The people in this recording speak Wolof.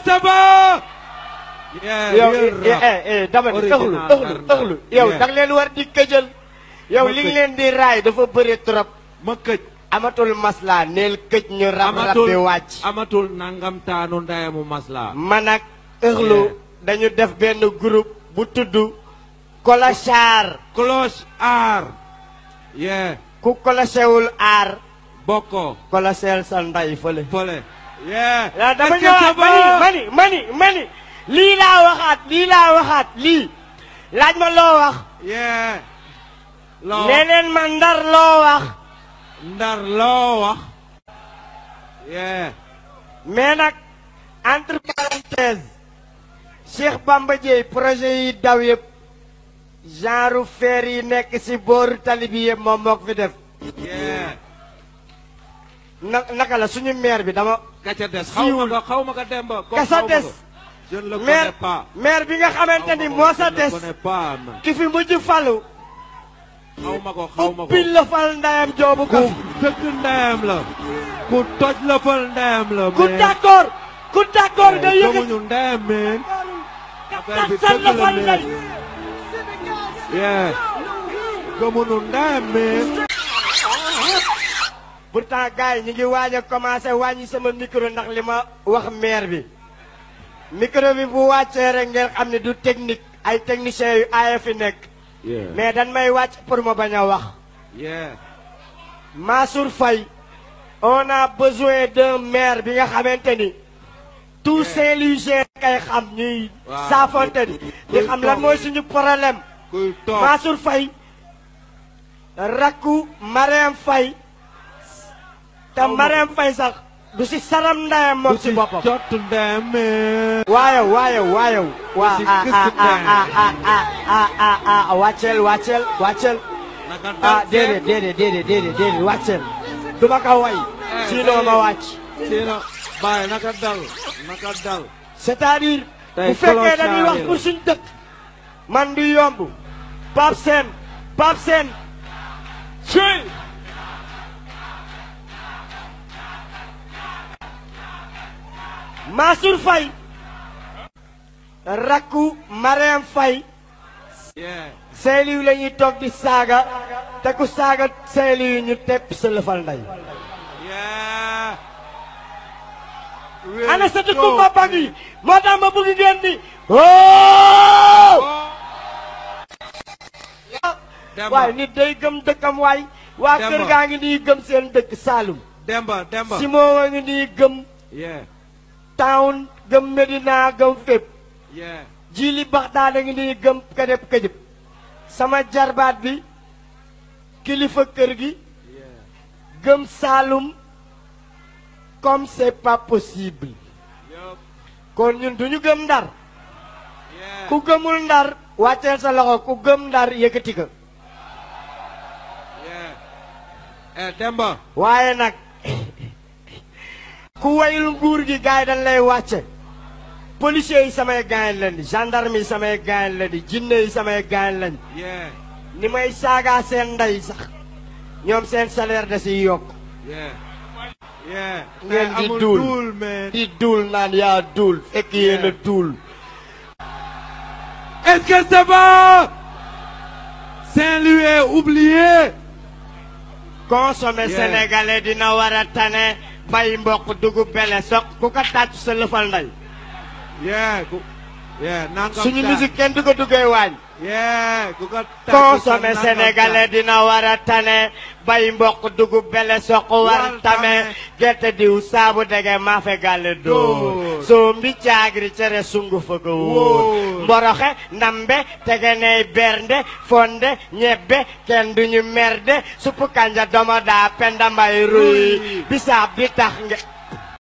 saba yow eh, eh, eh, dama ni ëxlu ëxlu ëxlu yow danga leen war di këjal yow li leen di raay dafa bëri trop ma këj amatul masla neel këj ñu rab rab bi wàcc amatul nangam taanu ndayamu masla man ëxlu dañu def benn groupe bu tudd clochard clochard ye ku clochewul aar bokkoo clocheel sa ndey fële yaa dama ñëwaat ma ni ma ni ma la lii laa la lii laa waxaat lii laaj ma loo wax. loo nee leen ma ndar loo wax. ndar loo wax. mais nag entre parenthèses Cheikh Bamba Dièye projet yi daw yëpp genre feer yi nekk si booru tali bi yëpp fi def. na naka la suñu maire bi dama. ka ca des sa des maire maire bi nga xamante ni moo sa des ki fi mujj falu xaw ma ndeyam joobu ko ku dëgg ndeyam la ku toj la ndeyam la ku d'accord ku d'accord nga yëkkati ñu ndeyam meen tasal la fal ndey gëmuñu ndeyam meen pourtant gars yi ñu ngi waaj a commencé wàññi sama micro ndax li ma wax maire bi micro bi bu wàccee rek ngeen xam ne du technique ay technicien yu aaya fi nekk mais dañ may wàcc pour ma bañ a wax Mansour Faye on a besoin d'un maire bi nga xamante tout Saint-Louisien kay xam ñuy saafonte di xam lan mooy suñu problème Mansour Faye rakku Mariam Faye te Marème Faye sax du si saram ndayam moom si boppam. du si jot ndayam. waayow waayow waayow. waa ah ah ah, ah ah ah ah ah ah wàcceel wàcceel wàcceel. du ma ko way. Eh, sinon ma eh. wàcc. sinon bàyyi naka dal bu fekkee man du yomb. Pape Sène Pape Masur Faye raku Mariam Faye Saint-Louis la ñuy toog di saaga te ku saaga Saint-Louis ñu tepp sa lëfal nday ana sa dëkku ma bangi moo tax ma bëgg ngeen ni day gëm dëkkam waay waa kër gaa ngi nii gëm seen dëkk Demba Demba Simon a ngi nii gëm tahun gëm Medina gëm fépp ya. jili baxtaan a ngi sama jarbaat bi kilifa kër gi ya. gëm Saalum comme c'est pas possible kon ñun duñu gëm ndar ya. ku gëmul ndar wàcceel sa loxo ku gëm ndar yëkkati ko. Eh, ku wayul nguur gi gaay dañ lay wàcce policiers yi samay gaañ lañ gendarme yi samay gaañ lañ jinne yi samay gaañ ni may saagaa seen nday sax ñoom seen salaire da siy yokk ngeen di duul di duul naan yaa duul fekk yéen a duul est-ce que ça va Saint-Louis dina war tane bay mbokk dugub bele soq ku ko sa lëfal ndañ. yee suñu musique kenn du ko waañ. consommé sénégalais dina war a tane bay mboq dugub bele soq war tame gerte diw saabu dege maafe gàlle doo soo mbi caagri cere sungu fëgga wóor mboroxe ndambe tegeney bernde fonde ñebbe kenn duñu merde suppu kanja domoda penda mbay ruy bisaab bi tax nge